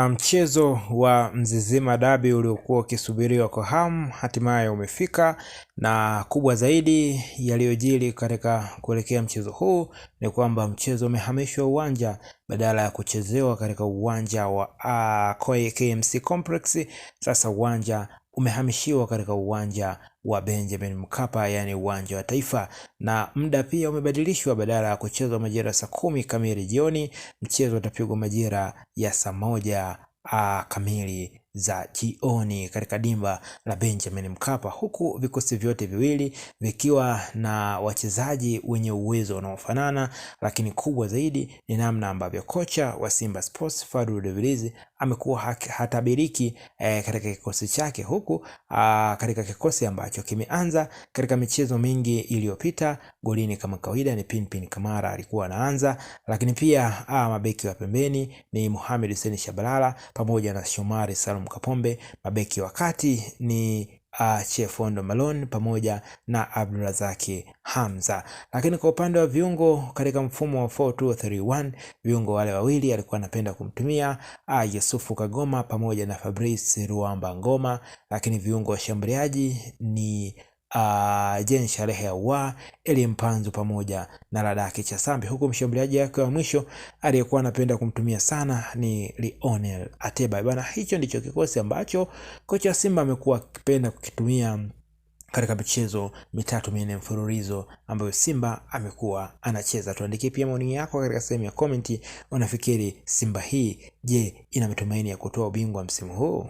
Ah, mchezo wa Mzizima Dabi uliokuwa ukisubiriwa kwa hamu hatimaye umefika, na kubwa zaidi yaliyojiri katika kuelekea mchezo huu ni kwamba mchezo umehamishwa uwanja badala ya kuchezewa katika uwanja wa uh, ah, KMC Complex, sasa uwanja umehamishiwa katika uwanja wa Benjamin Mkapa, yaani uwanja wa Taifa, na muda pia umebadilishwa. Badala ya kuchezwa majira saa kumi kamili jioni, mchezo utapigwa majira ya saa moja ah, kamili za jioni katika dimba la Benjamin Mkapa, huku vikosi vyote viwili vikiwa na wachezaji wenye uwezo unaofanana, lakini kubwa zaidi ni namna ambavyo kocha wa Simba Sports Fadlu Davids amekuwa hatabiriki eh, katika kikosi chake huku a, ah, katika kikosi ambacho kimeanza katika michezo mingi iliyopita. Golini kama kawaida ni Pinpin Kamara alikuwa anaanza, lakini pia a, ah, mabeki wa pembeni ni Mohamed Hussein Shabalala pamoja na Shomari Salum Salum Kapombe. Mabeki wa kati ni uh, Chefondo Malone pamoja na Abdurazaki Hamza. Lakini kwa upande wa viungo katika mfumo wa 4231 viungo wale wawili alikuwa anapenda kumtumia uh, Yusufu Kagoma pamoja na Fabrice Ruamba Ngoma, lakini viungo washambuliaji ni uh, ah, Jen Sharehe ya wa Eli Mpanzu pamoja na Ladaki Chasambi, huku mshambuliaji wake wa mwisho aliyekuwa anapenda kumtumia sana ni Lionel Ateba bana. Hicho ndicho kikosi ambacho kocha Simba amekuwa akipenda kukitumia katika michezo mitatu minne mfululizo ambayo Simba amekuwa anacheza. Tuandikie pia maoni yako katika sehemu ya komenti. Unafikiri Simba hii je, ina matumaini ya kutoa ubingwa msimu huu?